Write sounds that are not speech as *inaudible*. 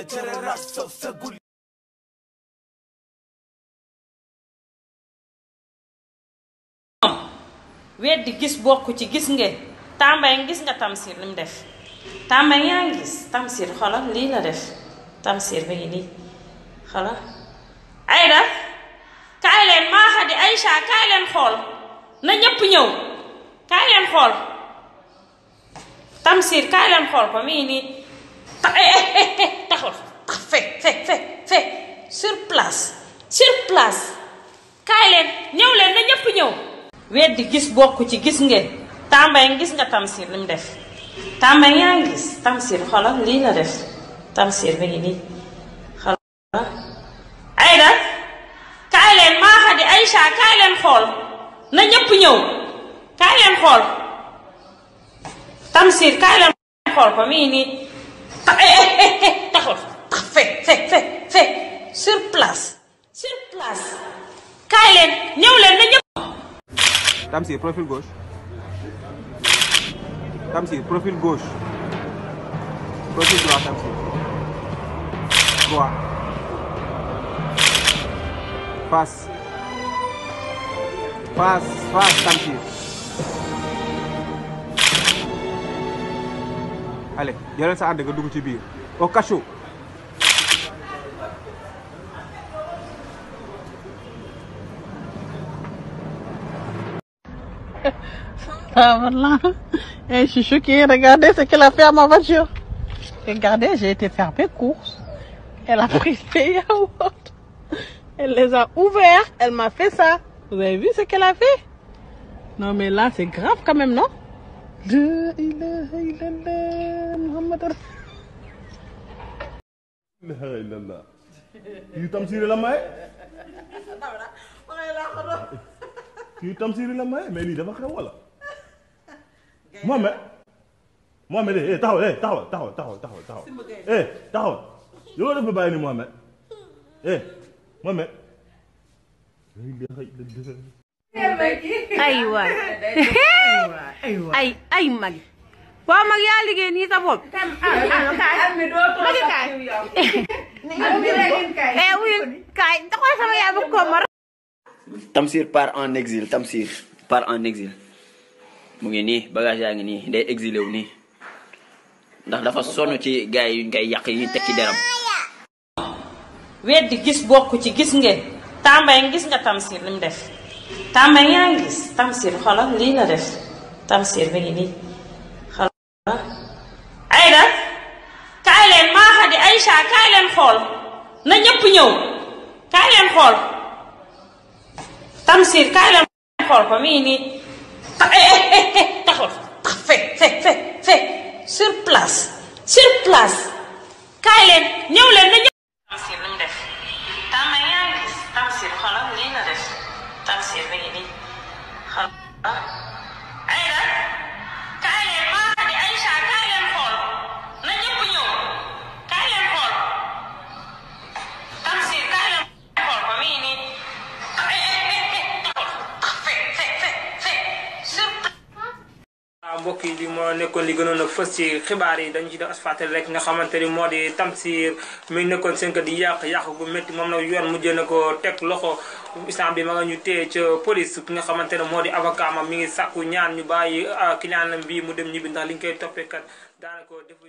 la cere sa gul weddi gis bokk ci gis nga tàmbay gis nga tamsiir li mu def tàmbay yaa ngi gis tamsiir xoolal lii la def tamsiir ba ngi nii xoolal ayda kaay leen maaxa di Aïcha kaay leen xool na ñépp ñëw kaay leen xool tamsiir kaay leen xool ko mi ngi Eh, eh, eh, taxawal fe fe fe fe sur place sur place kaay leen ñëw leen na ñëpp ñëw weddi gis bokku ci gis ngeen tàmbay gis nga tamsir li def tàmbay yaa ngi gis tamsir xoolal lii la def tamsir bi ngi nii xoolal ayda kaay leen maaxa di Aïcha kaay leen xool na ñëpp ñëw kaay leen xool tamsir kaay leen xool ko mi nii d'accord, Fais, fais, fais, fais. sur place sur place Kailen, n'y a pas de profil gauche Tamsi, profil gauche profil droit Tamsi. droit Passe. Passe, face Tamsi. allez jëlal de de au cachot *laughs* ah, Et je suis choquée. Regardez ce qu'elle a fait à ma voiture. Regardez, j'ai été faire mes courses. Elle a *laughs* pris des yaourts. Elle les a ouverts. Elle m'a fait ça. Vous avez vu ce qu'elle a fait Non mais là, c'est grave quand même, non laa ilaha illallah muhammad laa illallah kii Tamsir la may kii Tamsir la may mais lii dafa xew wala Mohamed Mohamed eh, eh taxawal eh taxawal taxawal taxawal taxawal eh taxawal yow dafa bàyyi ni Mohamed eh, aywa ay ay magi waaw mag yaa liggéey nii sa bopp magi kaay eh wil kaay taxoy sama yaay bu ko mar Tamsir part en exil Tamsir part en exil mu ngi nii bagage yaa ngi nii day exilé wu nii ndax dafa sonn ci gaay yu ngay yàq yu teg ci deram weddi gis bokku ci gis ngeen tàmbay gis nga Tamsir lim def tàmba yaa ngi gis tamsiir xoolal lii la def tamsiir bi ngi nii xoolal ayda kaay leen maaxa di Aïcha kaay leen xool na ñépp ñëw kaay leen xool tamsiir kaay leen xool ko mi ngi nii eh, eh, eh, tax fe fe fe fe sur place sur place kaay leen ñëw Us. mbokk yi li moo nekkoon li gënoon a fës ci xibaar yi dañu ci def asfatel rek nga xamante ni moo di Tamsir mi nekkoon seen kër di yàq yàq gu métti moom nag yoon mujjee na ko teg loxo instant bi ma nga ñu téye ca police ki nga xamante ne moo di avocat ma mi ngi sàkku ñaan ñu bàyyi ah, client lam bi mu dem ñibbi ndax li ñu koy toppee kat daanaka